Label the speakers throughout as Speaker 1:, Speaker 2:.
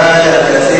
Speaker 1: Gracias.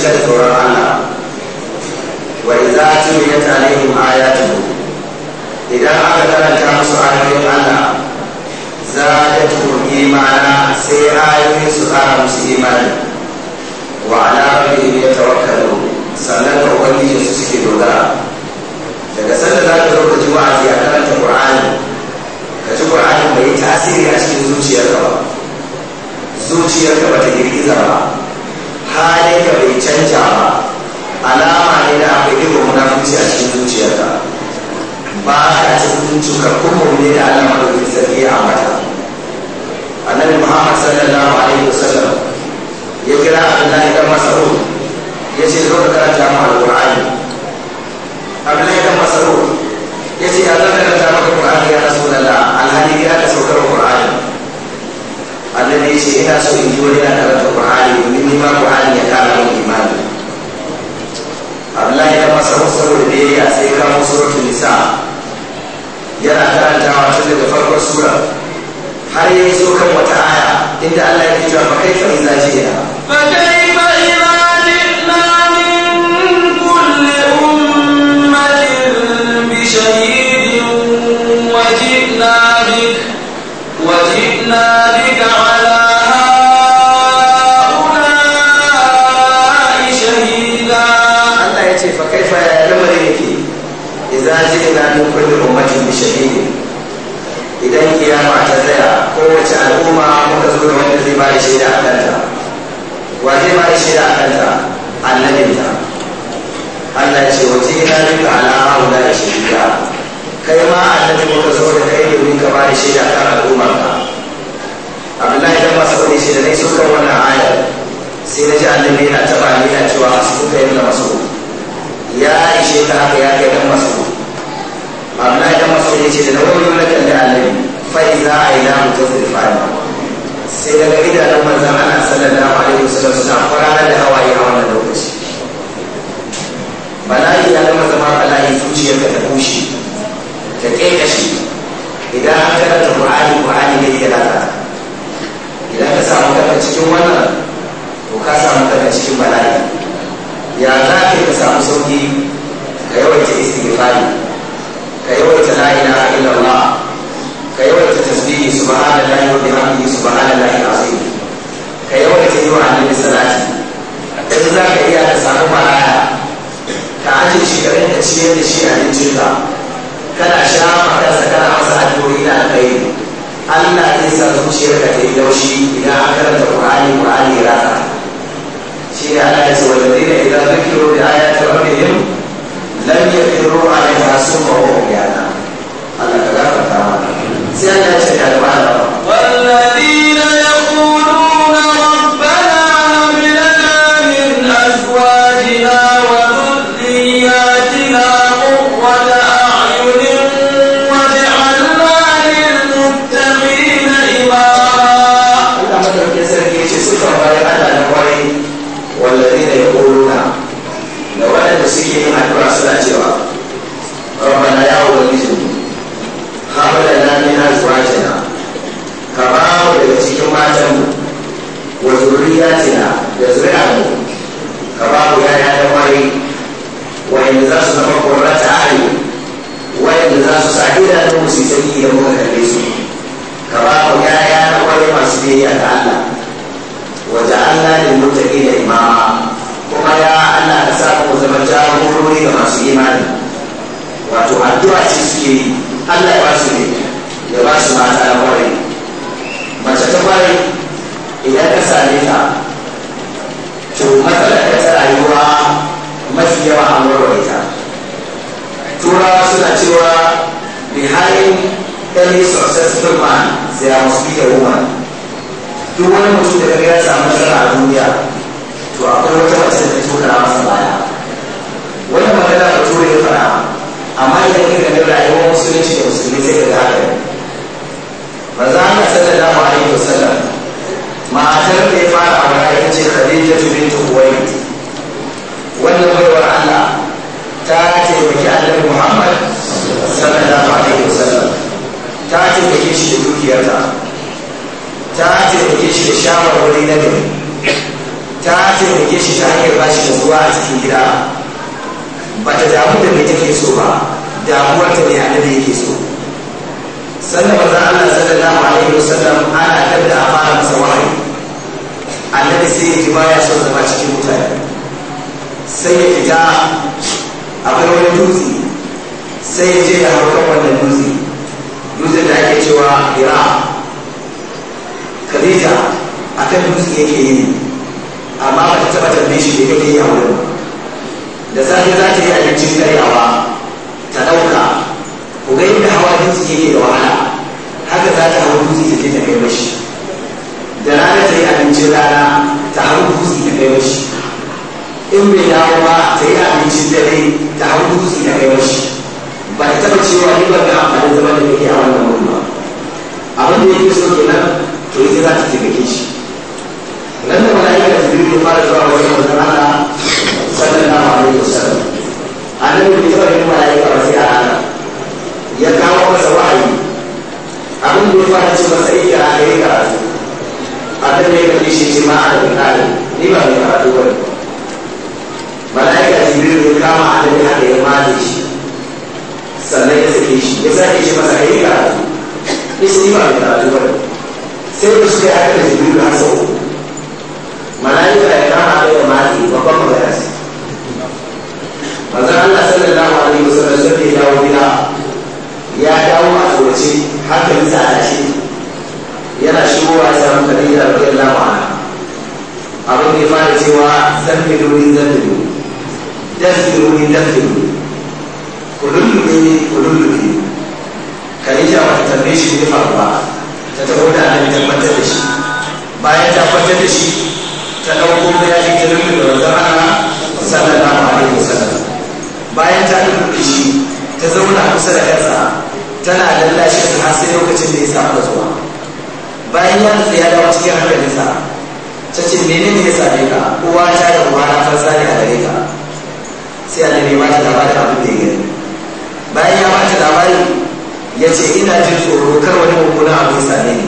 Speaker 1: isar tsoron Allah wa idza tuliyat alaihim ayatuhu idan aka karanta musu ayoyin Allah za ta zadatuhum imana sai ayoyin su ƙara musu imani wa ala rabbihim yatawakkalun sannan ga ubangiji su suke dogara daga sanda za ka lokaci wa'azi a karanta qur'ani ka ci qur'ani bai tasiri a cikin zuciyarka ba zuciyarka ba ta girgiza ba zalika bai canja ba alama ne da aka yi wa a cikin zuciyarka ba a cikin cikakkun mummuni da alama da bai sarki a mata annabi muhammad sallallahu alaihi wasallam ya kira abdullahi dan mas'ud ya ce zo ka karanta mu alqur'ani abdullahi dan mas'ud
Speaker 2: ya ce ya karanta maka qur'ani ya rasulullah alhali ya ka saukar qur'ani annabi ya ce ina so in ji wani na
Speaker 1: karanta musulmi ma Qur'ani ya kara imani masa da yayi sai kawo suratul nisa yana karantawa tun daga farkon sura har ya so kan wata aya inda Allah ya ce fa kaifa idza ji'a
Speaker 2: fa ba. idza ji'na min kulli ummatin bi shahidin wa bik wa
Speaker 1: na jirina min kulli da shafi ne. idan kiyama ta tsaya kowace al'umma kuka zo da wanda zai bada shaida a kanta wa zai bada shaida a kanta annabin ta Allah ce wa jirina min al'amu da ya shahida kai ma annabi kuka zo da kai domin ka bada shaida a kan al'umma ka Abdullahi dan masu kudi shi da nai so kan wannan ayar sai na ji annabi yana taba ni na cewa su kuka yana masu ya ishe ta haka ya kai dan masu kuka ma'ana idan masu ya ce da na wani wani fai za annabi fa iza aina mutazzifan sai daga gida idanun manzon ana sallallahu alaihi wasallam suna kwarara da hawaye a wannan lokaci bala'i ya zama zama bala'i zuciyar ka ta bushe ta kekashe idan an karanta qur'ani qur'ani ne ya lata idan ka samu kanka cikin wannan to ka samu kanka cikin bala'i ya za ka samu sauki ka yawaita istighfari ka yawaita la ilaha illallah ka yawaita tasbihi subhanallahi wa bihamdihi subhanallahi alazim ka yawaita yi wa annabi salati in za ka iya ka samu maraya ka aje shi ka rinka ciyar da shi abincinka kana shafa kansa kana masa addu'o'i na alkhairi Allah zai sa zuciyarka ta yi laushi idan an karanta Qur'ani Qur'ani ya rasa shi ne Allah ya ce wa ladina idan zakiru bi ayati rabbihim lam yakhiru 'alayha summa wa Allah iya zama cikin mutane sai ya fita akwai wani dutse sai ya je ya hau kan wannan dutse dutsen da ake cewa hira khadija a kan dutse yake yi amma ba ta taba tambaye shi da yake yi a wurin da safe za ta yi abincin karyawa ta ɗauka ku ga da hawa dutse yake da wahala haka za ta hau dutse ta je ta kai mashi da rana ta yi abincin rana ta hau dutse ta kai mashi in bai dawo ba ta yi abincin dare ta hau dutse ta kai mashi ba ta taɓa cewa ni ba ga amfani zama da kake a wannan wuri ba abin da fi so nan to ita za ta taimake shi nan da mala'ika da biyu ya fara zuwa wajen na Allah sallallahu alaihi a nan da ita yin mala'ika ba sai a rana ya kawo masa wa'ayi abin da ya fara ce masa ita a kai karatu abin da ya kalli shi ce ma ana da kare ni ne jibril ya kama annabi haka ya mali shi sannan ya kishi masa kai karatu ya ni ba mai karatu ba sai da shi jibril har sau mala'ika kama annabi ya mali babban magana ce Allah sallallahu alaihi wasallam sai ya dawo gida ya dawo a tsorace haka bisa a shi yana shigowa a samun kadija da kuyar lamana abin da fara cewa zambiluni zambiluni dafiruni dafiruni kulullubi kulullubi kadija ba ta tambaye shi ne faruwa ta taho da annabi tabbatar da shi bayan ta kwantar da shi ta ɗauko bayanin da rufin da wanzan ana sallallahu alaihi wasallam bayan ta ɗauko shi ta zauna kusa da kansa tana lallashi har sai lokacin da ya samu zuwa bayan ya nutsu ya dawo cikin hankalinsa ta ce ne ya same ka uwa ta da uwa na farsa ne a gare ka sai annabi ba ta labarin abin da ya gani bayan ya ba ta labari ya ce ina jin tsoro kar wani mummuna abu ya same ni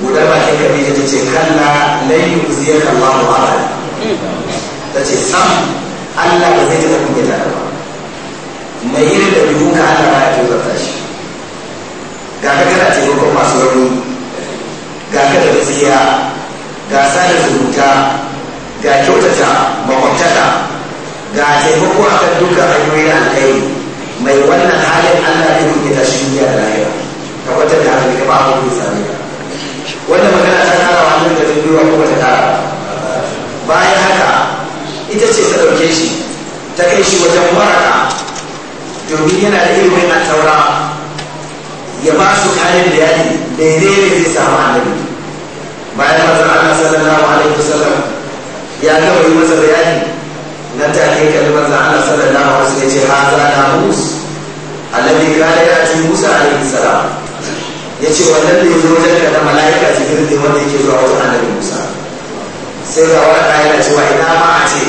Speaker 1: guda ba bakin kabila ta ce kalla lai ziyar mu ahad ta ce sam Allah ba zai taɓa kuma ta ba mai yi da ka Allah ba ya tozarta shi ga ka ce taimakon masu rauni ga kada gaskiya ga sada zumunta ga kyautata makwabtaka ga taimako a kan dukkan hanyoyin alkhairi mai wannan halin allah ne mun gida shi duniya da lahira kwatar da hannun ne ba abin sami ka wannan magana ta kara wa hannun da zuwa kuma ta kara bayan haka ita ce ta ɗauke shi ta kai shi wajen waraka domin yana da ilimin na taura ya ba su kayan da yaji daidai da zai samu annabi bayan mazan Allah sallallahu alaihi wasallam ya gama yi masa bayani nan ta take kalmar zan ana sallallahu alaihi wasallam ya ce za haza namus alladhi kana ya'ti Musa alaihi salam ya ce wannan da ya zo wajen ka da mala'ika jibril ne wanda yake zuwa wajen annabi Musa sai ga wani yana cewa ina ma a ce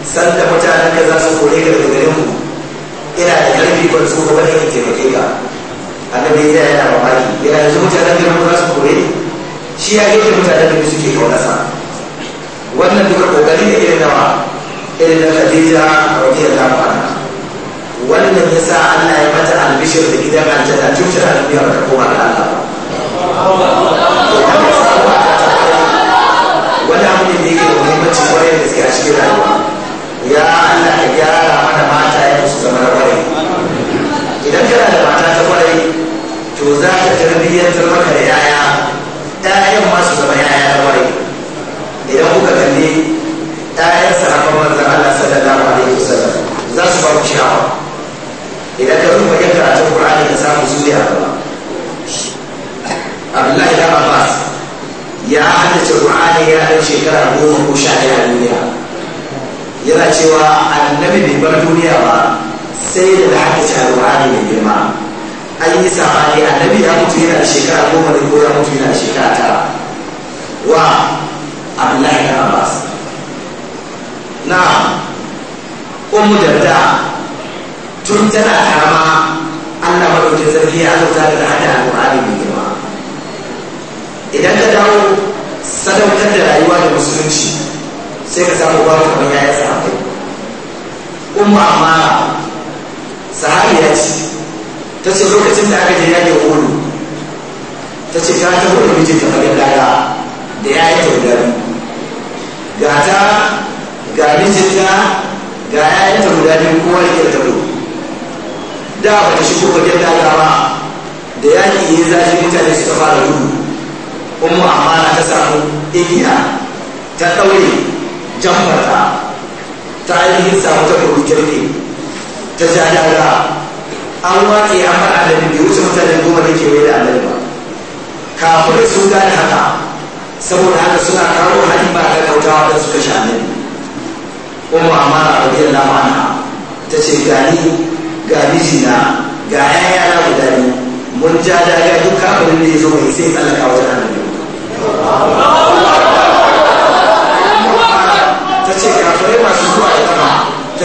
Speaker 1: san da mutanen da za su kore ka daga garin mu ina da ƙarfi ban so ba ne in taimake ka annabi ya yana mamaki yana yanzu mutanen garin mu za su kore shi ya yi mutane da suke sa. wannan duka kokari da irin nawa irin na khadija radiyallahu anha wannan yasa Allah ya mata albishir da gidan aljanna tun tana da biyar da kuma da Allah wani abu ne da yake da muhimmanci kwarai da gaske a cikin rayuwa ya Allah ka gyara mana mata ya musu zama na kwarai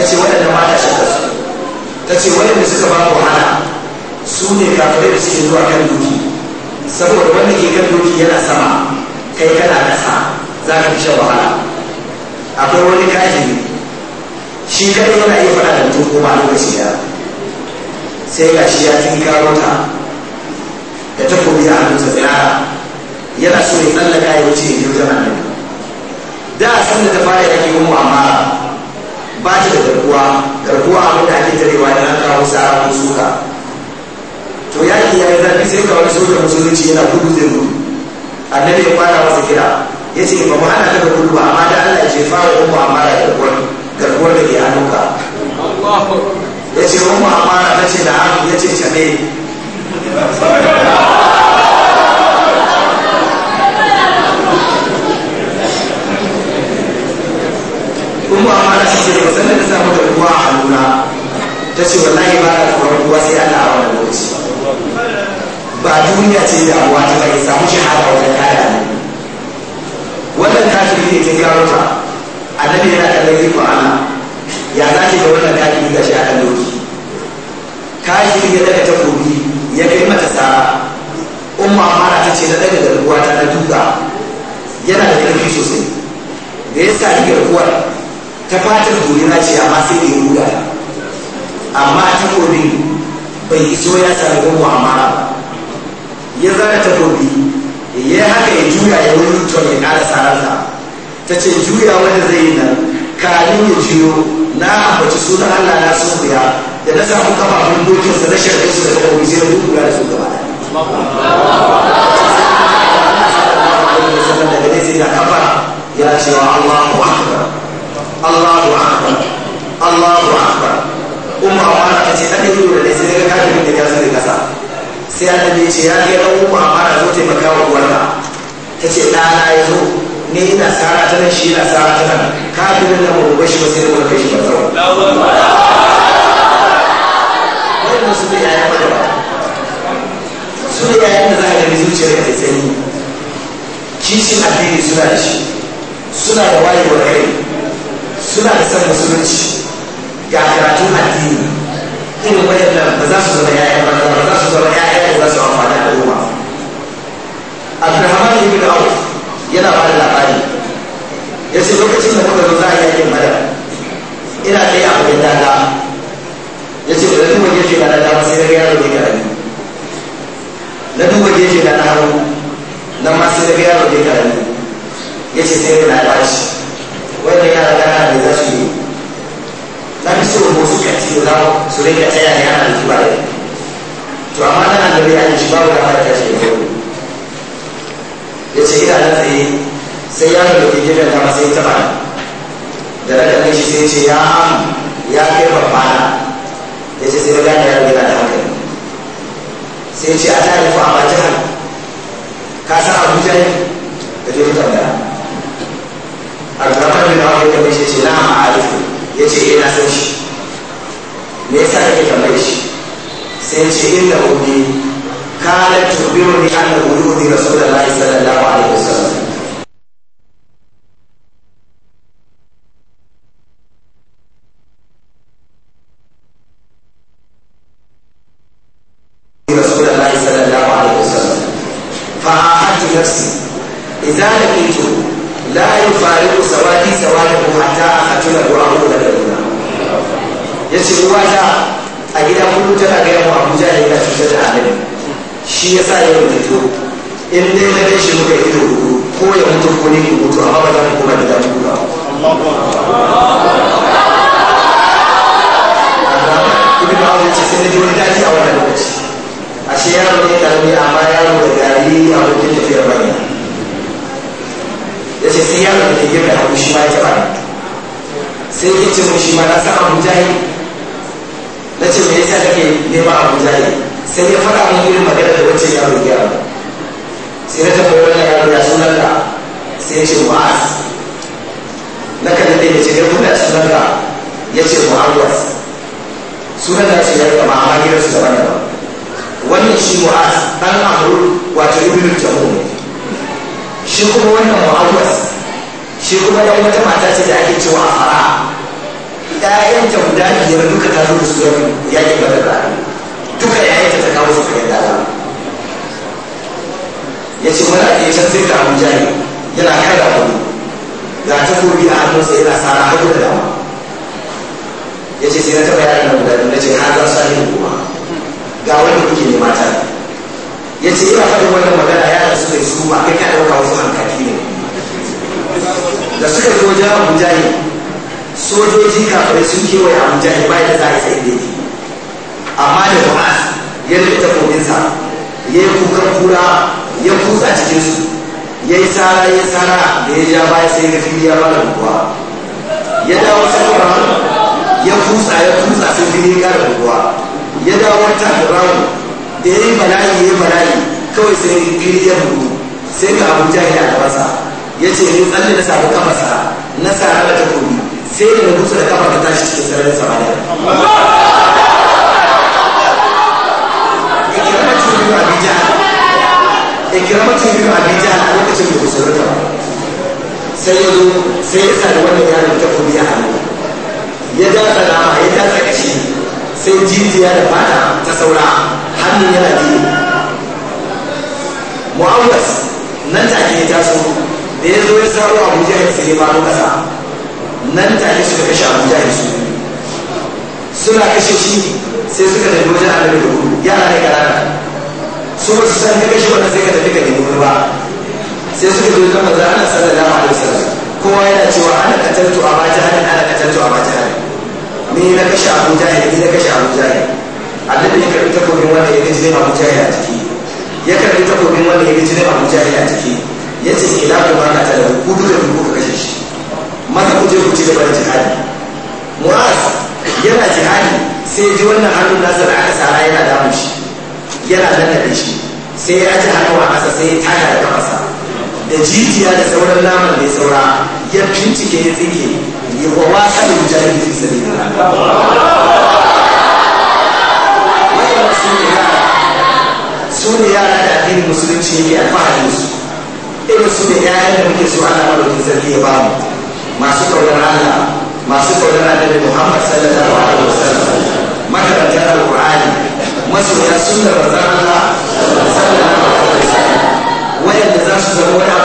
Speaker 1: tace waɗanda mata kasu ta ce suka ba wahala su ne kafirai da suke zuwa kan doki saboda wanda ke kan doki yana sama kai kana ƙasa za ka fi shan wahala akwai wani kafiri shi kadai yana iya faɗa da mutum ba a lokaci ya sai ga shi ya karo ta da takobi a hannunsa tsirara yana so ya tsallaka ya wuce ya yi wajen annabi da a san da ta fara yaki mu mu'amala ba shi da garkuwa garkuwa abin da ake tarewa da an kawo sara ko suka to yaki ya yi zafi sai kawai sojan musulunci yana gudu zai gudu annabi ya fara masa kira ya ce ba mu ana kada gudu ba amma da Allah ya ce fara umma amara garkuwar garkuwar da ke hannunka ya ce umma amara ta ce na'am ya ce shame umma amara ce ba sannan ta samu da ruwa a hannuna ta ce wallahi ba da kamar ruwa sai Allah a wannan lokaci ba duniya ce da abuwa ta bai samu shahada wata kaya ne wannan kafiri ne ta gano ta annabi yana kallon iko Allah ya za ki ga wannan kafiri ga shi a kan doki kafiri ya daga takobi ya kai mata sara umma mara ta ce na daga da ruwa ta na duka yana da ƙarfi sosai da ya sa rigar uwar ta fatar dorina ce amma sai da ya amma takobin bai iso ya sami gogo mara ba ya ta takobi ya haka ya juya ya wani mutum ya kara sararsa ta ce juya wani zai yi nan ya juyo na ambaci sunan allah na sun biya da na samu kafafun dokinsa na shirkin su da kuma sai na da su gaba da ya ce da wa akbar Allahu akbar Allahu akbar umma mara ta ce ake sai da ne sai ga kafin da ya zai kasa sai annabi ya ce ya ga umma mara zo taimaka wa uwarka ta ce ɗana ya zo ne ina sara ta nan shi na sara ta nan kafin nan mu ba shi ba sai mu rubuta shi ba tsaro wannan su ne yayan da ba su ne yayan da za ka gani zuciyar ka tsanyi kishin addini suna da shi suna da wayewar kai suna da san musulunci ga karatun addini bayan da ba za su zama yaya ba ba za su zama yaya da za su amfani da ruwa abdulhamad ibn auf yana ba da labari ya ce lokacin da muka zo za a yakin madara ina ɗaya a wajen dada ya ce da duba gefe na dada sai da yaro ne karami na duba gefe na na na sai daga yaro ne karami ya ce sai na bashi wannan yara gana ne za su yi na fi so mu suka ci za su rinka tsaya ne ana alkiba da to amma nan da an ji babu da haraka ce ya faru ya ce ina na tsaye sai yaron da ke gefen dama sai ta mana da daga nan shi sai ce ya am ya kai babbana ya ce sai da gane yaron yana da hankali sai ce a tare ku a majihar ka san abuja ne da ke mutane abdurrahman bin awf ya tambaye shi ce na ma'arifu ya ce ina eh, san shi me yasa kake tambaye shi sai ya ce inda ummi kana tubiruni
Speaker 2: anna wuludi rasulullahi sallallahu alaihi wasallam رسول الله صلى الله عليه
Speaker 1: وسلم فعاهدت نفسي إذا لقيته la yufariqu sawadi sawadahu hatta aqtila ru'ahu la dalila yace uwa ta a gida kullu tana gaya mu Abuja ne ta cutar da Annabi shi yasa yau da to in dai na dace muka ido ko ya mutu ko ne mutu amma ba za mu koma da damu ba ibn Hazm ce sai ji wani daji a wannan lokaci ashe yaro ne karami amma yaro da gari a wajen tafiyar bayan ya ce sai yaron da gefe da hagu shi ma ya taɓa sai ke ce mun shi ma na san abu jahi na ce me yasa kake nema abu jahi sai ya faɗa mun irin magana da wacce yaro ya ba sai na tafi wannan yaro ya sunan da sai ya ce mu'az na kan da ya ce ya buɗe sunan da ya ce mu'awwas sunan da ce ya kama amma gidansu daban-daban wannan shi mu'az ɗan amur wato ibn jamu ne shi kuma wannan mu'awwas shi kuma ɗan wata mata ce da ake cewa a fara ƴaƴan ta guda biyar duka ta zo da su yau ya ba bada ba duka ƴaƴan ta ta kawo su ka yadda ba ya ce wani ake can sai ka abuja ne yana kada wani ga takobi a hannunsa yana sara hannu da dama ya ce sai na taɓa yaran nan guda biyu na ce har za su ne kuma ga wani kuke ne mata ne ya ce ina faɗin wannan magana ya da suka yi su ba kai ka ɗauka wasu hankali ne da suka zo wajen abu jahi sojoji kafin sun kewaye abu jahi ba da za a tsaye da yake amma da mu'az ya nufi takobinsa ya yi kukan
Speaker 2: kura ya kutsa su ya yi tsara ya tsara da ya ja baya sai ga fili
Speaker 1: ya fara buguwa ya dawo sakwaran ya kutsa ya kutsa sai fili ya kara buguwa ya dawo ta da ramu da ya yi bala'i ya yi bala'i kawai sai fili ya bugu sai ga abu jahil a gabansa ya ce ni tsalle na sabu kafasa na sara da takobi sai da na mutu da kafa ta tashi cikin sararin samaniya ikiramatin biyu abin jihar ikiramatin biyu abin jihar a lokacin da musulunta ba sai ya zo sai ya sa da wannan yaron takobi a hannu ya datsa nama ya datsa kashi sai jijiya da fata ta saura hannun yana yi mu'awas nan ke ta so da ya zo ya saro abuja ya sai ba kasa nan ta ke suka kashe abuja ya su suna kashe shi sai suka tafi wajen annabi da hudu yara ne kanana su ba su san kashe wannan sai ka tafi ka nemi ba sai suka zo kan manzo Allah sallallahu alaihi wasallam kowa yana cewa ana katantu a bajahan ana katantu a bajahan ni na kashe abu jahil ni na kashe abu jahil annabi ya karbi takobin wanda ya gaji abu jahil a ciki ya karbi takobin wanda ya gaji abu jahil a ciki ya ce ila kuma na tare ku duka ku ka kashe shi mata ku je ku ci gaba da jihadi mu'az yana jihadi sai ji wannan hannun nasa da aka sara yana damun shi yana lallabe shi sai ya ji hannu a ƙasa sai ya taka da kafarsa da jijiya da sauran naman da ya saura ya bincike ya tsinke wa wasan mujahid fi sabilillah wannan su ne yara su ne yara da addinin musulunci ne a alfahari su irin su ne yayan da muke so Allah madaukin sarki ya bamu masu kaunar Allah masu kaunar Annabi Muhammad sallallahu alaihi wasallam makarantar Al-Qur'ani masoya sunnar manzon Allah sallallahu alaihi wasallam wayanda za su zama wani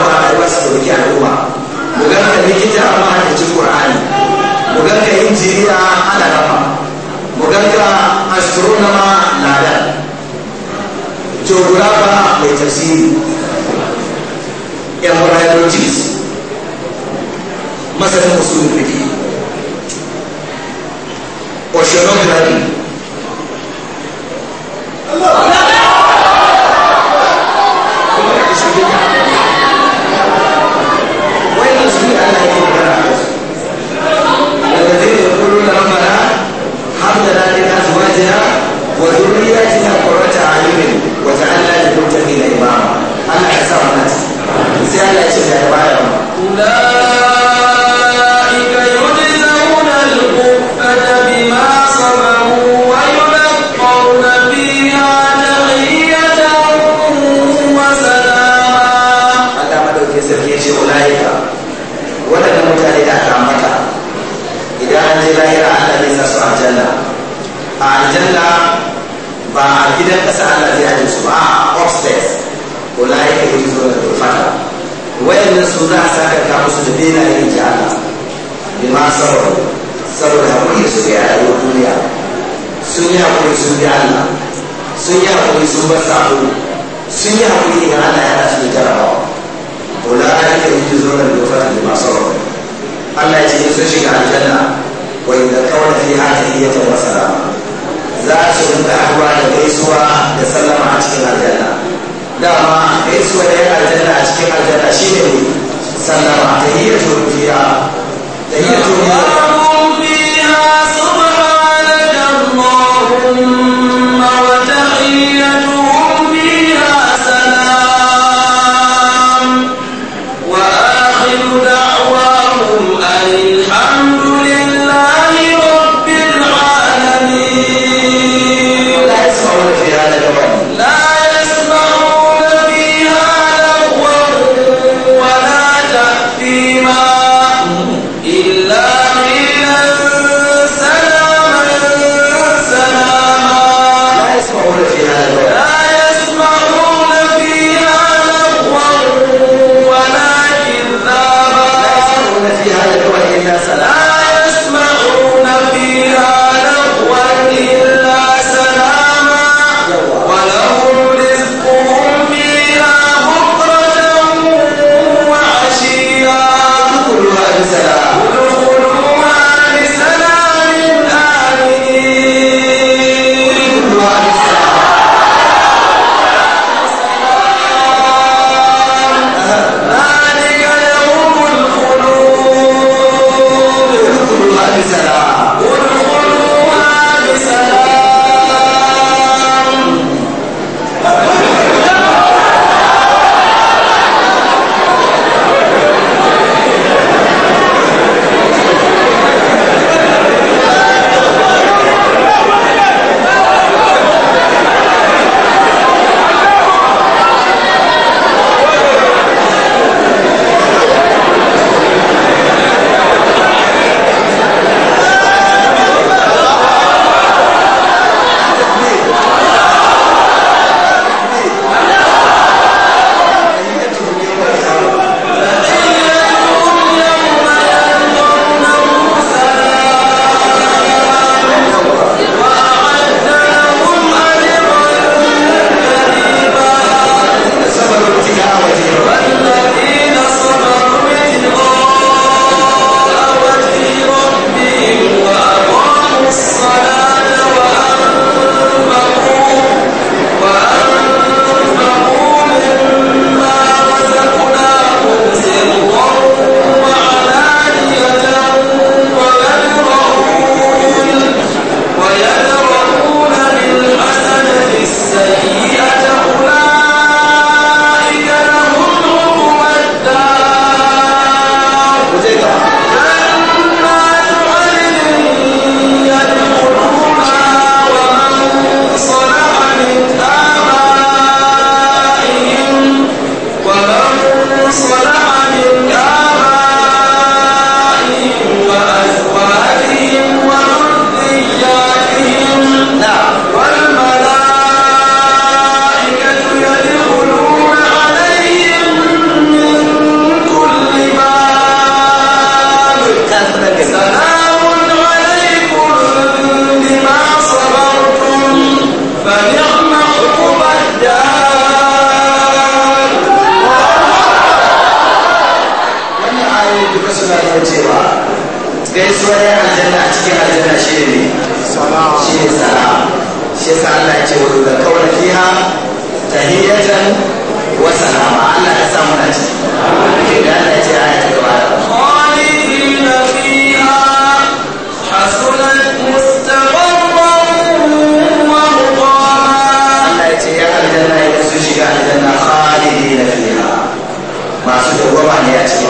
Speaker 1: ne a cikin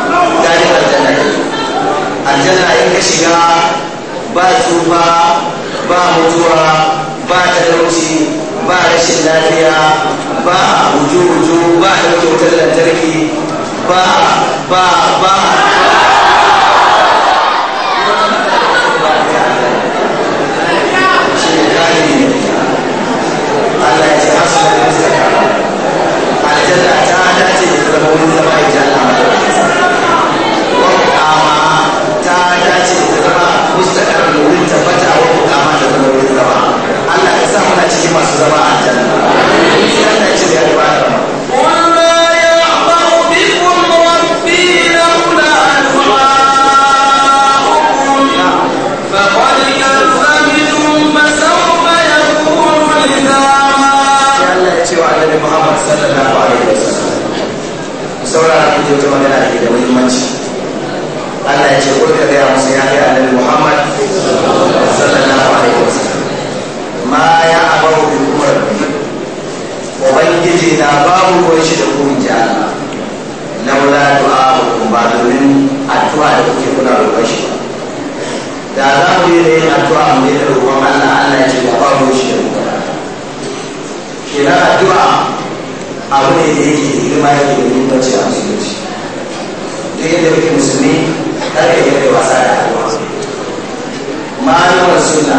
Speaker 1: aljanna gani aljanna ne aljanna in ka shiga ba tsufa ba mutuwa ba talauci ba rashin lafiya ba wuju-wuju ba ɗauke wutar lantarki
Speaker 2: ba ba ba
Speaker 1: saura a ka wata magana da ke da muhimmanci Allah ya ce ko ka gaya musu ya kai annabi Muhammad sallallahu alaihi wasallam ma ya abaru bi umar ubangiji na babu ko shi da kun ji Allah laula du'a ba domin addu'a da kuke kuna roƙon shi da za mu yi da yin addu'a mu yi da roƙon Allah Allah ya ce ba babu shi da kun ji kenan addu'a abu ne da yake girma yake da muhimmanci a musulunci duk yadda muke musulmi kada ya yi wasa da abuwa malumar suna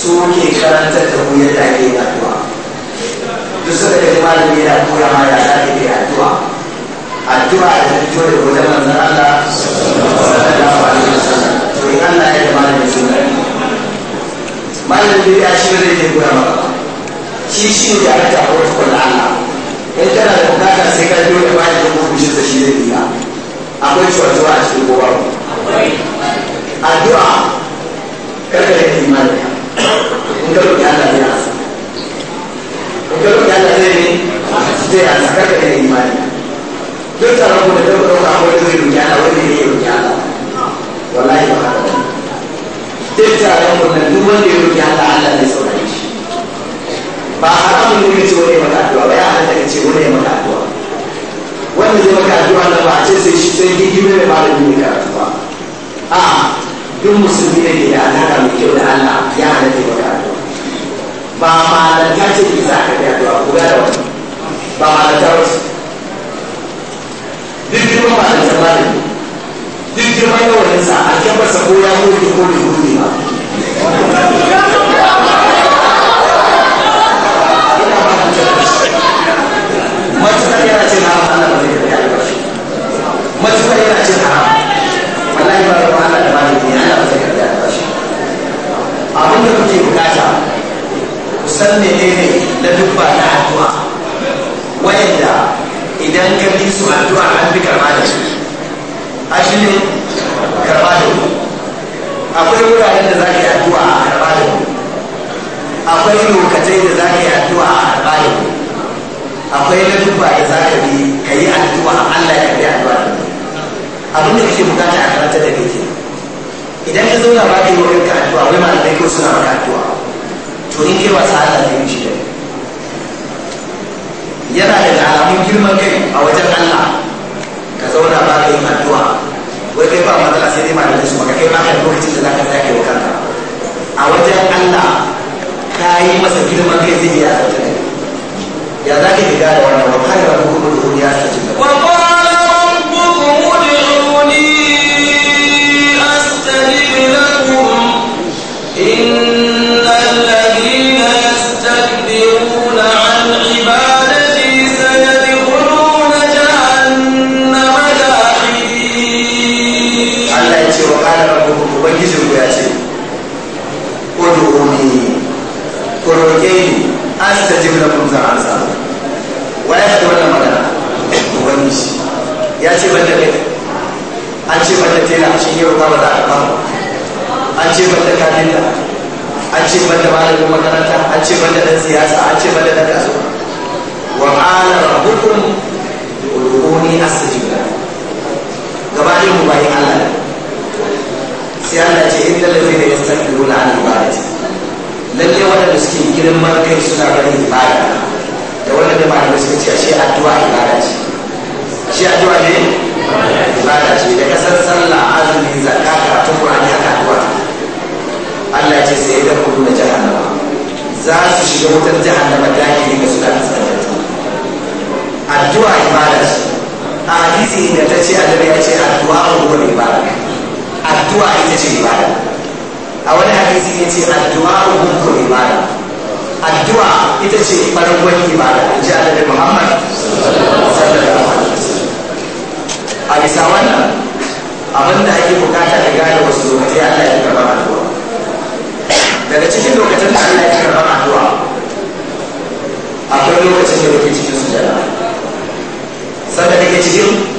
Speaker 1: su ke karantar da mu yadda ake yin addu'a duk suka da malami yana koya ma da za ka yi addu'a addu'a da ta da wajen manzon Allah sallallahu alaihi wasallam to in Allah ya da malamin suna malamin ya shi ne ke koya maka shi shi ne da aka jawo Allah in tana da bukata sai ka biyo da bayan dubu bishin da shi zai biya akwai cuwa a cikin gobe addu'a karka da imani in ka roƙi Allah zai asa in ka roƙi Allah zai ne zai asa karka da imani duk tsaron ku da ɗaukar wani abu zai roƙi Allah wani ne ya roƙi Allah wallahi ba haka ba duk tsaron ku da duk wanda ya roƙi Allah Allah zai saurare shi ba haramun ne ce wani mata addu'a ba ya ya ce wani ya maka addu'a wanda zai maka na ba a ce sai sai gigime da malami karatu ba a duk musulmi da ke da alaka mai kyau da Allah ya halatta maka addu'a ba ta ce ki za ka addu'a ga da wani da ta wasu duk da ta bari duk yawan a basa ko ya mutu ko bai mutu ba san menene na dubba na addu'a wayanda idan ka bi su addu'a an fi karba da su a shi ne karba da ku akwai wuraren da za ka yi addu'a a karba da ku akwai lokacin da za ka yi addu'a a karba da ku akwai na dubba da za ka bi ka yi addu'a Allah ya bi addu'a da ku abin da kake bukata a karanta da kake idan ka zauna ba ka yi wa kanka addu'a wai malamai ko suna maka addu'a to kai wasa Allah zai mishi da yana da alamun girman kai a wajen Allah ka zauna ba ka yin addu'a wai kai ba matsala sai dai malamai su maka kai ba ka lokacin da za ka tsaya wa kanka a wajen Allah ka yi masa girman kai zai yi a zartar ya za ka shiga da wannan wa kare wa hukumar kyauta ba za a ba an ce mata kafinta an ce mata malamin makaranta an ce mata dan siyasa an ce mata dan kasuwa wa qala rabbukum ud'uni astajib lakum mu bayin Allah ne sai Allah ce inda lalle da yastakbiruna an ibadati lalle waɗanda suke girman kai suna barin ibada da waɗanda malamai suka ce ashe addu'a ibada ce ashe addu'a ne ibada ce daga san sallah
Speaker 2: azumin zakka karatun kurani haka addu'a Allah ya ce sai da kullu na jahannama
Speaker 1: za su shiga wutar jahannama yi ne ga suna tsaddatu addu'a ibada ce a hadisi da ta ce annabi ya ce addu'a ruwa ibada addu'a ita ce ibada a wani hadisi ya ce addu'a ruwa ibada addu'a ita ce farkon ibada in ji annabi Muhammad
Speaker 2: sallallahu alaihi wasallam a bisa wannan abin da ake bukata da gane wasu lokaci Allah
Speaker 1: ya karɓa addu'a daga cikin lokacin da Allah ya karɓar addu'a akwai lokacin da kake cikin sujada sanda ke cikin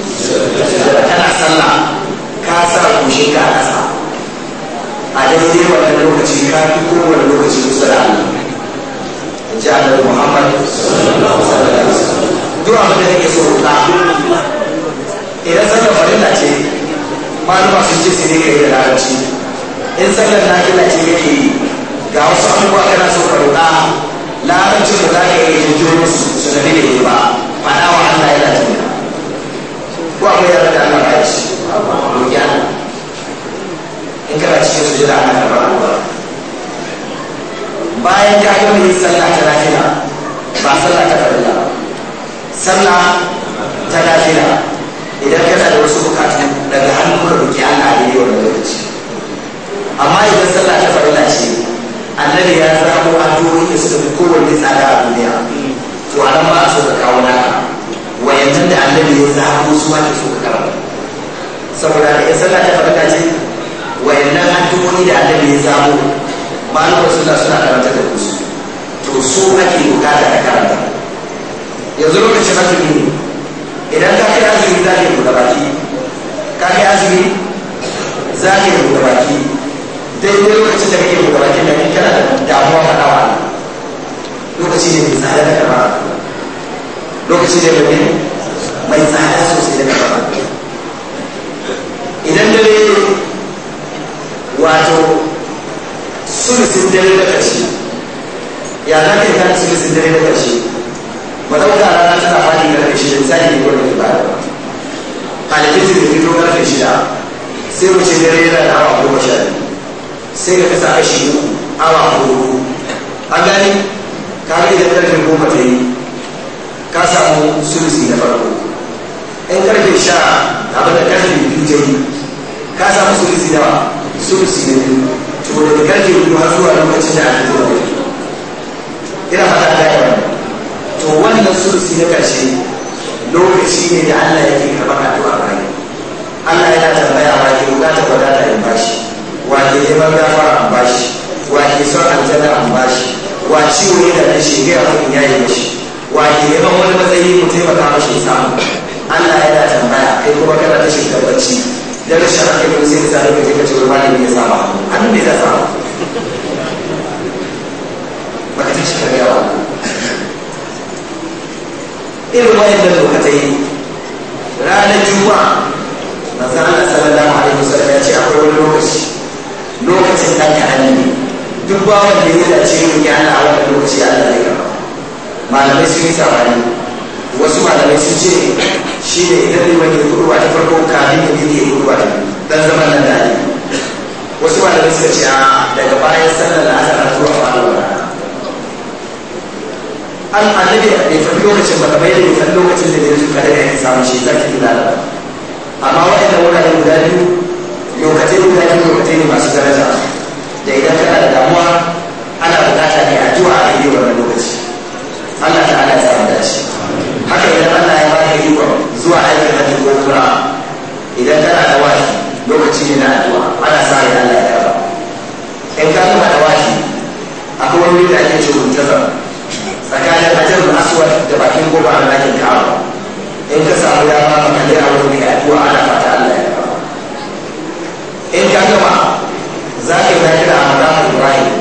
Speaker 1: waye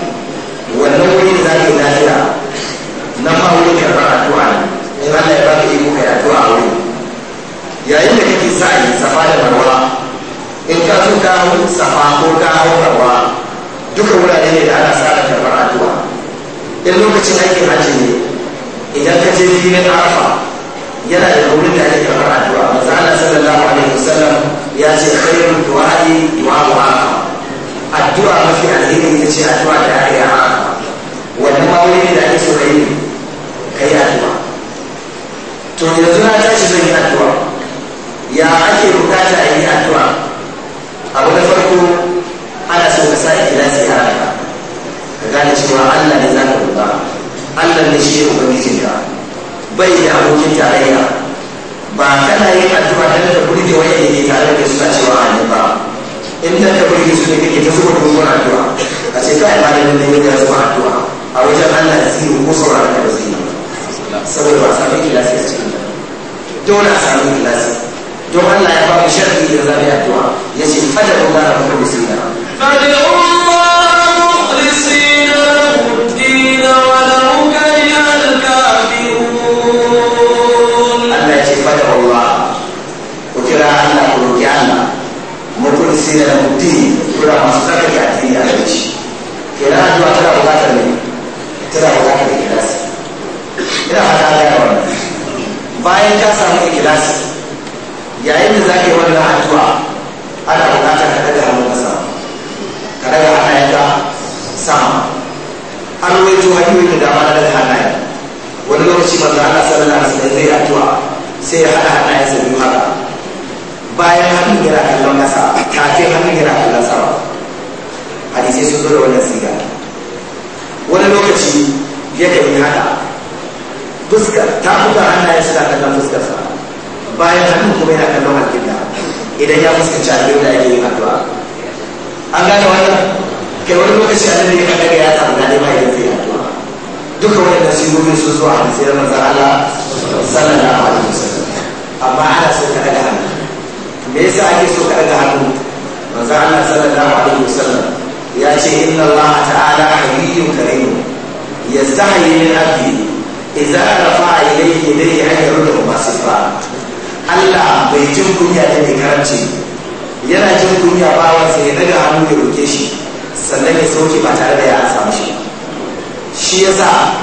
Speaker 1: wannan wuri
Speaker 2: za ka yi lafiya nan ma wuri a
Speaker 1: tuwa ne in Allah ya baka iko kai addu'a a wuri yayin da kake sa'i safa da marwa in ka so ka hau safa ko ka hau marwa duka wurare ne da ana sa'a karɓar addu'a in lokacin aikin hajji ne idan ka je filin arfa yana da wurin da ake karɓar addu'a manzo Allah sallallahu alaihi wasallam ya ce khairul du'a'i du'a mu'afa addu'a mafi alheri ita ce addu'a da aka
Speaker 2: yi haka wannan ma wuri da ake so ka yi ka yi addu'a to yanzu
Speaker 1: na tashi zan yi addu'a ya ake bukata a yi addu'a abu na farko ana so ka sa ikilasi a ranka ka gane cewa Allah ne za ka roƙa Allah ne shi ne ubangijinka bai da abokin tarayya ba kana yin addu'a don ka burge wani da ke tare da suna cewa amin in ta da burge su ne kake ta zuba dogon addu'a a ce kai malamin ne ya zuba addu'a a wajen Allah da zai ko saurara da zai yi saboda ba samu kilasi a cikin dole a samu kilasi don Allah ya ba mu sharri da zabi addu'a yace fada Allah rabbuka bismillah
Speaker 2: fada zina da muddini ko da masu tsarkake addini a gare shi kenan addu'a
Speaker 1: tana bukatar ne tana bukatar ikilasi ina fata Allah ya wannan bayan ka samu ikilasi yayin da za ka yi wannan addu'a ana bukatar ka daga hannun ka sama ka daga hannayen ka sama an waito hanyoyi da dama na daga hannayen wani lokaci manzo Allah sallallahu alaihi wasallam zai addu'a sai ya hada hannayen sa biyu haka bayan hannun yana kallon kasa kafin hannun yana kula sama hadisai sun zo da wannan siga wani lokaci ya da yi haka fuskar ta buga hannayen suna kallon sa bayan hannun kuma yana kallon alƙibla idan ya fuskanci da ake yi addu'a an gane wannan kai wani lokaci a nan ya daga ya samu na nema idan zai addu'a duka wannan sigogin sun zo a hadisai na manzan Allah sallallahu alaihi wasallam amma ana son ka daga hannu me yasa ake so ka daga hannu manzo Allah sallallahu alaihi wasallam ya ce inna Allah ta'ala hayyun karim yastahi min abdi idza rafa ilayhi yadayhi an masifa Allah bai jin kunya da mai karanci yana jin kunya wa sai ya daga hannu ya roke shi sannan ya sauki ba tare da ya samu shi shi yasa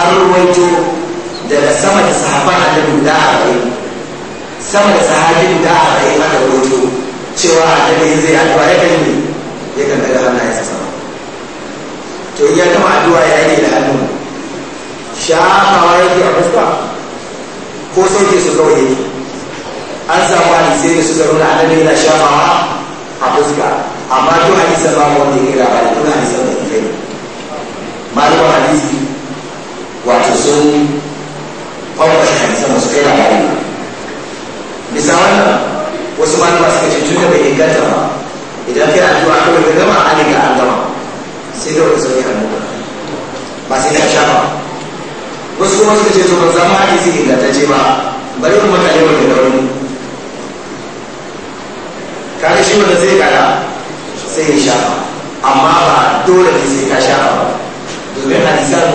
Speaker 1: an ruwaito daga sama da sahaban annabi da arba'in sama da sahabin da aka yi mata rubuto cewa annabi zai addu'a ya kan ne ya kan daga ya sama to in ya kama addu'a ya yi da hannu shafawa yake a fuska ko sai ke su kawai yake an samu a hadisai da suka a nan yana shafawa a fuska amma a hadisan ba mu wanda ya kira ba da duk hadisan da ya kai malaman hadisi wato sun fafashe hadisa masu kai labari bisa wannan wasu malama suka ce tun da bai inganta ba idan kai addu'a kawai ka gama an riga an gama sai da wani sauyi hannu ba sai ka sha ba wasu kuma suka ce to ban samu hadisi ingantacce ba bari mu mata yau da rauni kare shi wanda zai kada sai ya sha amma ba dole ne sai ka sha ba domin hadisan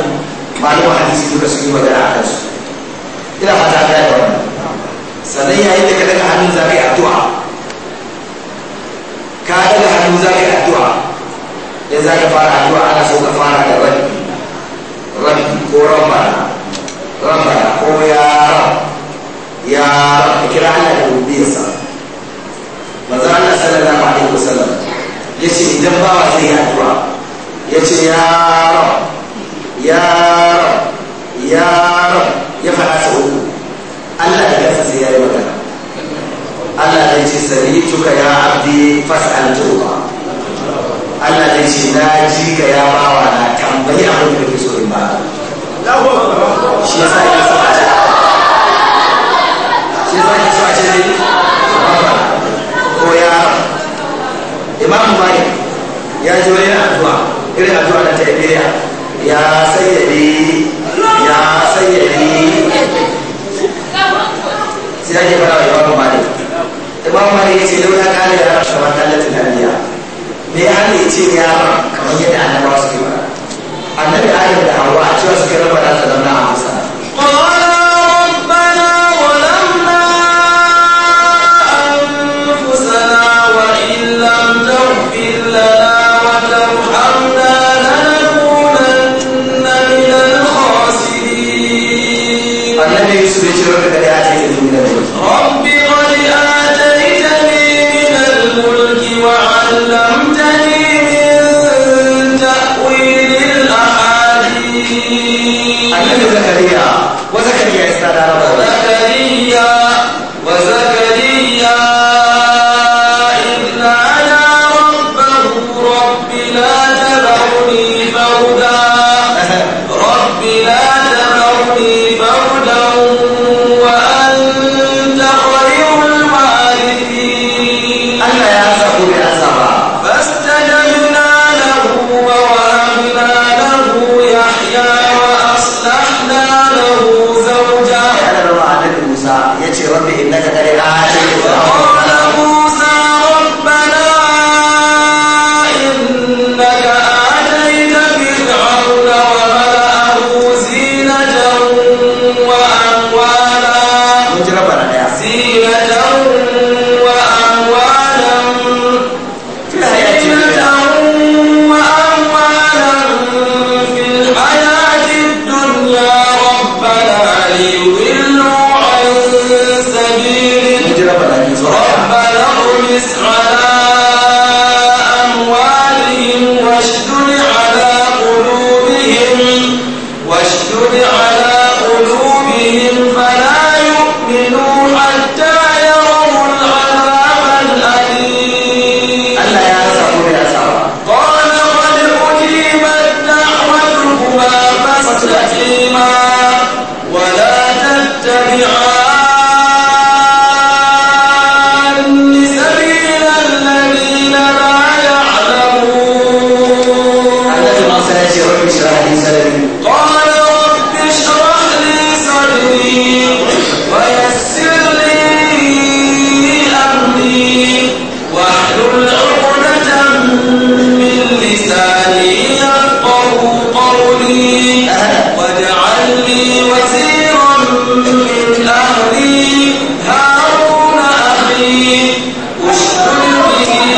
Speaker 1: malama hadisi duka su yi magana a kansu hannun za ka yi addu'a ka daga hannun za ka yi addu'a in za ka fara addu'a ana so ka fara da rabbi rabbi ko rabbana rabbana ko ya rab ya rab ka kira ana da rubiyarsa manzo ma'a sallallahu alaihi ya ce idan wa zai yi addu'a yace ya rab ya rab ya rab ya faɗa sa uku Allah da Allah zai ce sani tuka ya abdi fas'al tuba Allah zai ce na ji ka ya bawa na tambayi abin da kake so in ba
Speaker 2: shi yasa ya sa a ce shi yasa ya sa a ce ko ya
Speaker 1: Imam Malik ya ji wani addu'a irin addu'a da ta yi ya sayyade ya sayyade sai ake fara imam yace ya ce launa
Speaker 2: kana ya rasha ma kallatin anbiya me ya ne ce kamar yadda annabawa suke ba annabi adam da hawa a cewa suke raba da ta a masa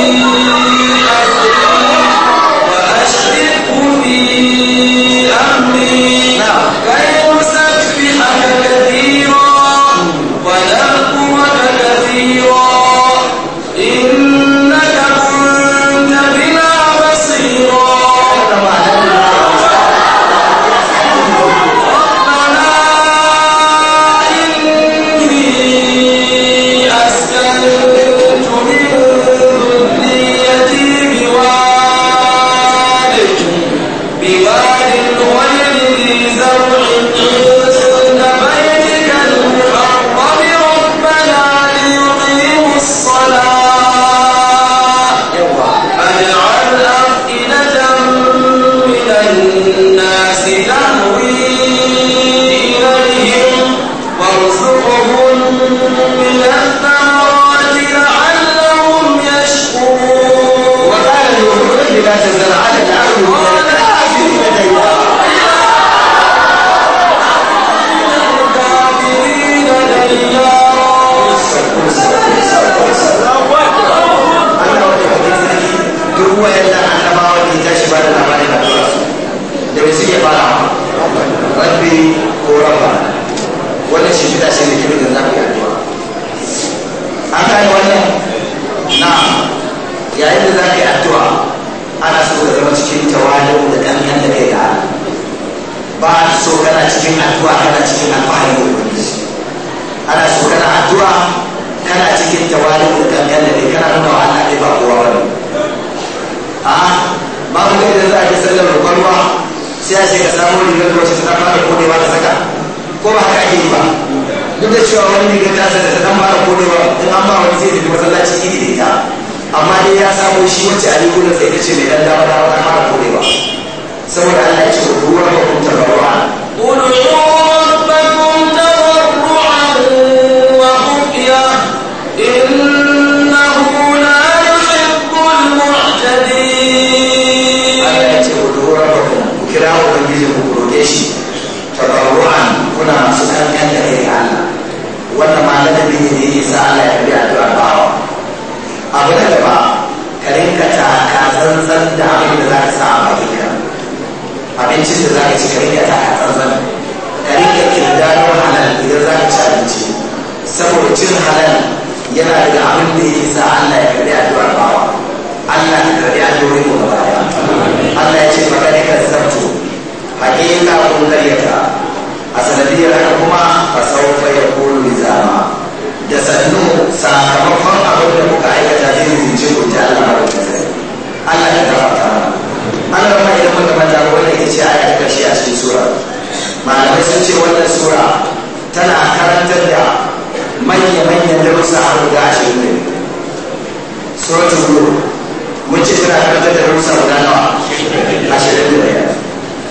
Speaker 2: you.
Speaker 1: addu'a kana cikin kuma ubangiji ana so kana addu'a kana cikin tawali da kan ne kana nuna wa Allah ba kowa ba ne a ba mu idan za a yi sallar roƙon ruwa sai a ce ka samu rigar wacce ta fara ba ta saka ko ba haka ake yi ba duk da cewa wani rigar ta saka ta fara ba in an ba wani zai tafi masallaci iri da ita amma dai ya samu shi wacce a rigar da ita ce mai dan dawa dawa ta fara ba saboda Allah ya
Speaker 2: ce ruwa ba kun tabarwa.
Speaker 1: kankan da kai ga Allah wannan ma ladabi ne da yake sa Allah ya bi addu'ar bawa abu na gaba ka rinka ta ka zanzan da abin da za ka sa a bakinka abincin da za ka ci ka rinka ta ka zanzan ka rinka kirdano halal idan za ka ci abinci saboda cin halal yana daga abin da yake sa Allah ya karbi addu'ar bawa Allah ya karbi addu'o'i mu gaba Allah ya ce maka ne ka zarto hakika kun karyata a sanadiyar haka kuma fa ya yakunu lizama da sannu sakamakon abin da muka aikata zai zince ku ta Allah ba ta zai Allah ya gafarta mana Allah ma idan muka manta wannan ita ce aya ta karshe a cikin sura malamai sun ce wannan sura tana karantar da manya manya da darussa a guda ashirin ne biyu suratul mun ce tana karantar da darussa guda nawa ashirin da biyar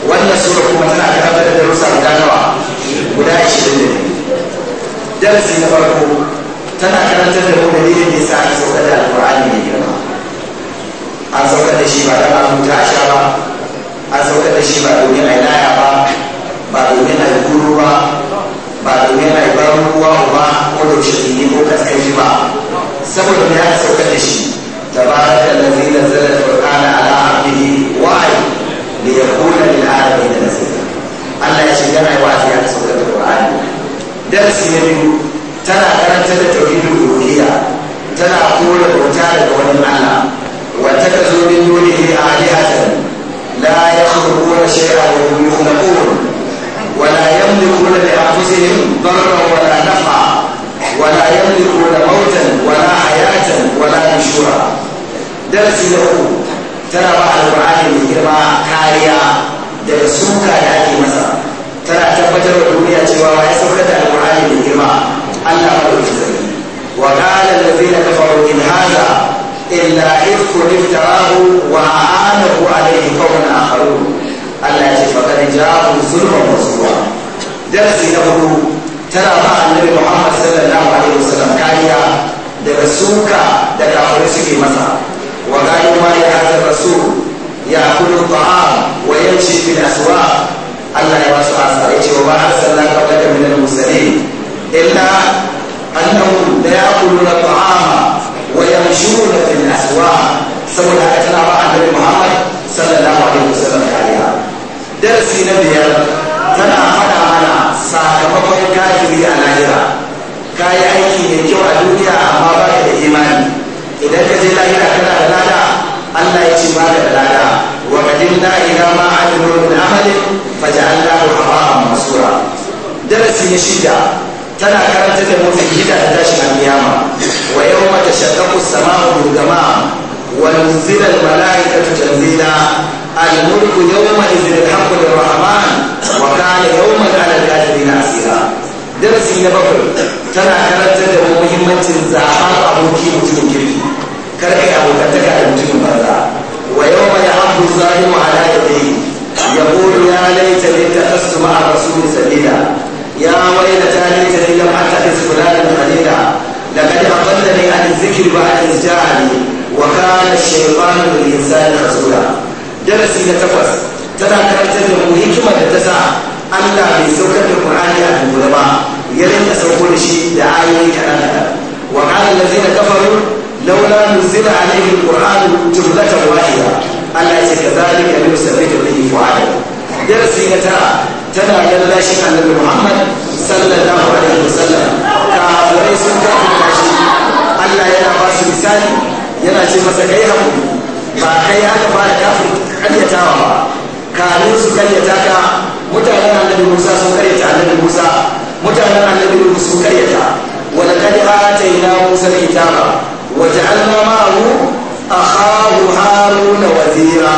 Speaker 1: wannan sura kuma tana gabatar da darussa guda nawa guda ashirin da darasi na farko tana karantar da mu dalilin da yasa aka saukar da alqur'ani mai girma an saukar da shi ba dan a huta sha ba an saukar da shi ba domin a laya ba ba domin a yi guru ba ba domin a yi barin ruwa ba ko da shi ne ko kaskanci ba saboda me aka saukar da shi tabaraka allazi nazzala alqur'ana ala abdihi wa li yakuna darasi na biyu tana karanta da tauhidul rububiyya tana kore bauta daga wani Allah wa zo min ne dunihi alihatan la yakhluquna shay'an wa hum yukhlaqun wa la yamlikuna li anfusihim darran wa la nafa wa la yamlikuna mautan wa la hayatan wa la nushura darasi na uku tana ba alqur'ani mai girma kariya daga suka da ake masa tana tabbatar da duniya cewa ya saukar da alƙur'ani mai girma Allah ba da sarki wa qala allazina kafaru in hadha illa ifkun iftarahu wa a'anahu alayhi qawmun akharun Allah ya ce faqad ja'u zulmun masuwa darasi na hudu tana ba annabi Muhammad sallallahu alaihi wasallam kariya daga suka da kafirai suke masa wa qalu ma ya hadha rasul ya ta'am wa yamshi fil aswaq Allah ya basu asa ya ce wa ba sallah qablaka min minar musulmi illa
Speaker 2: ya la na ta'ama wa da fil
Speaker 1: aswaq saboda haka tana ba gari Muhammad sallallahu alaihi wasallam kariya darasi na biyar tana hana mana sakamakon kafiri a najira ka yi aiki mai kyau a duniya amma ba da imani idan ka je lahira kana da lada Allah ya ce ba da lada وقدمنا إلى ما عملوا من أهل فجعلناه حراما مسورا درس نشيدا تنا كانت المتجدة تاشنا القيامة ويوم تشقق السماء بالغمام ونزل الملائكة تنزيلا الملك يومئذ الحق للرحمن وكان يوما على الكافرين عسيرا درسي na bakwai tana karantar da muhimmancin zaɓar aboki mutum kirki kar kai abokantaka da mutum إبراهيم على يديه يقول يا ليتني اتخذت مع الرسول سبيلا يا ويلتى ليتني لم أتخذ فلانا خليلا لقد أضلني عن الذكر بعد إذ جاءني وكان الشيطان للإنسان رسولا درسي نتفس ترى كانت له حكمة تسعة Allah bai saukar da Qur'ani a dubura ba ya rinka sauko da shi da ayoyi kaɗan kaɗan wa qala allazina kafaru laula nuzila alayhi alqur'anu jumlatan wahida Allah ya ce ka zalika ne musamman bihi fu'ada darasi na tara tana lallashin annabi Muhammad sallallahu alaihi wasallam kafirai sun kafirta shi Allah yana ba su misali yana ce masa kai hakuri ba kai aka fara kafin karyatawa ba kamin su karyata ka mutanen annabi Musa sun karyata annabi Musa mutanen annabi Musa sun karyata wa laqad atayna Musa al-kitaba wa ja'alna ma'ahu akhahu haruna wazira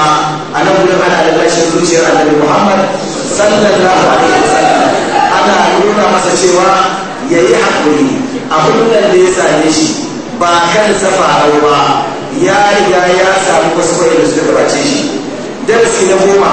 Speaker 1: anan gurin ana da rashin zuciyar annabi muhammad sallallahu alaihi wasallam ana nuna masa cewa yayi hakuri abin da ya same shi ba kan safa ba ya riga ya samu wasu kwayoyin da suka gabace shi darasi na goma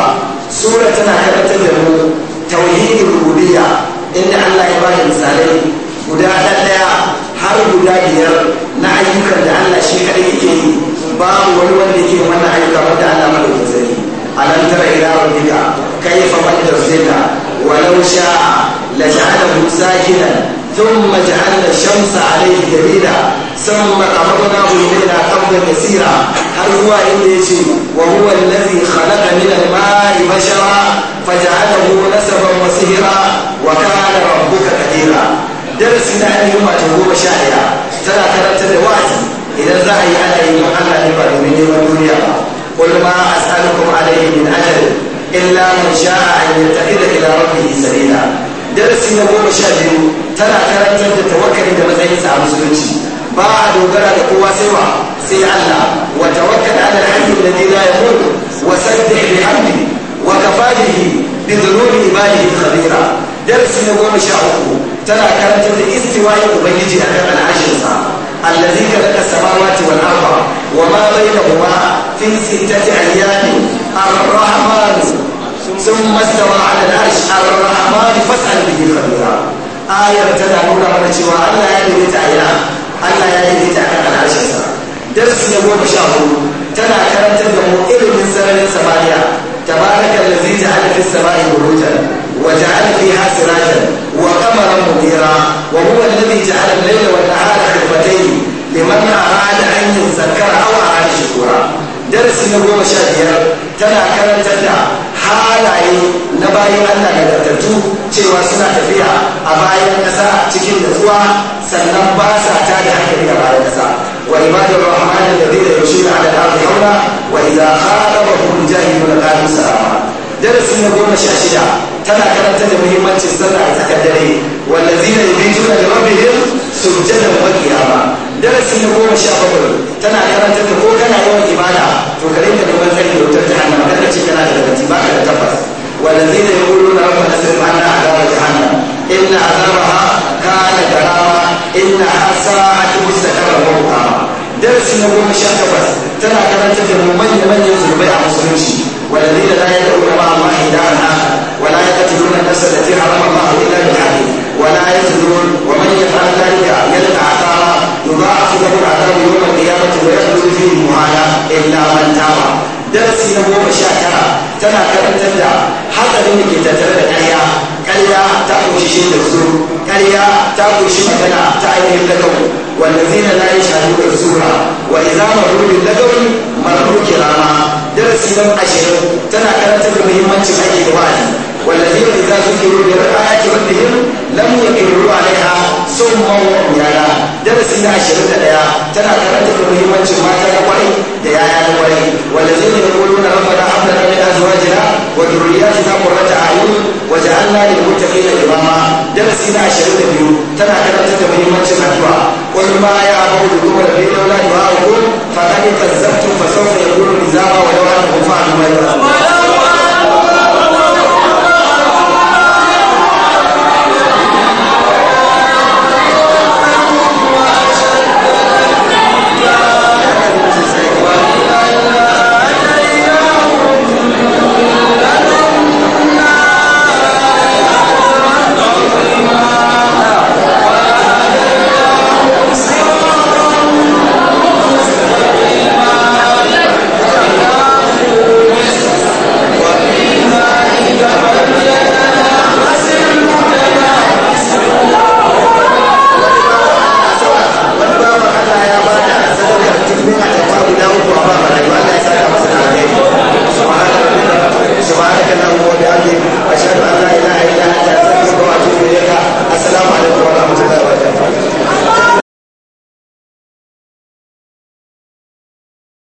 Speaker 1: sura tana karantar da mu tauhidin rububiyya inda Allah ya bada misalai guda ɗaya har guda biyar na ayyukan da Allah shi kaɗai yake yi babu wani wanda ke wannan ayyuka ba da Allah mai tsari alam tara ila rabbika kayfa wajda zina walau sha'a la ja'alahu sakinan thumma ja'alna ash-shamsa alayhi dalila thumma qabadna ila qabda yasira har zuwa inda yace wa huwa alladhi khalaqa min al-ma'i bashara faja'alahu nasaban wa sihra wa kana rabbuka Kadira. Darasi na yi goma goma sha ɗaya tana karanta da wa'azi idan za a yi ana yi da Allah ne ba domin neman duniya ba qul ma as'alukum alayhi min ajr illa man sha'a an yattaqida ila rabbihi sabila darasi na goma sha biyu tana karantar da tawakkali da matsayinsa a musulunci ba a dogara da kowa sai wa sai Allah wa tawakkal ala al-hayy alladhi la yamut wa sabbih bihamdihi wa kafa bi dhunubi ibadihi khabira darasi na goma sha uku tana karantar da istiwa'i ubangiji akan sa. الذي خلق السماوات والأرض وما بينهما في ستة أيام الرحمن ثم استوى على العرش الرحمن فاسأل به خبيرا آية تنا نونا من cewa Allah ya yi ta ina Allah ya yi ta kan al'arshinsa darasi na goma sha hudu tana karantar da mu ilimin sararin samaniya tabaraka allazi ja'ala fis samai burujan wa ja'ala fiha sirajan wa qamaran munira wa huwa allazi ja'ala al liman arada an yi zakara awa a shekura darasi na goma sha biyar tana karantar da halaye na bayan allah nagartattu cewa suna tafiya a bayan ƙasa cikin natsuwa sannan ba sa ta da hankali a bayan ƙasa da ibadar rahman alladhina yushiruna ala al-ardi hawla wa idha khatabahum
Speaker 2: al-jahiluna qalu salama darasi na goma sha shida tana karanta da muhimmancin sallah a tsakar dare da yubituna li rabbihim sujjadan wa ba. darasi na goma sha bakwai tana karantar da ko
Speaker 1: kana yawan ibada to ka rinka neman tsari da wutar jahannama kada ce kana da garanti ba ka da tabbas na يقولون ربنا اصرف عنا عذاب جهنم ان عذابها كان غراما انها ساعه مستقرا ومقاما درس na goma sha takwas tana karantar da mu manya-manyan zurbai a musulunci والذين لا يدعون مع الله إلها ƙananan yana darasi na ashirin da ɗaya tana karanta da muhimmancin mata da kwarai da yaya da kwarai wanda zai ne kullum na rafa da amsa da mai azuwa jira wa duriyatu na kurata a yi waje an na yin mutafi da imama darasi na ashirin da biyu tana karanta da muhimmancin addu'a kullum ma ya abu da kuma da bai daula da ba'a ko fa kan yi kazzabtun fa sauka ya gudu nizama wa yawan kuma a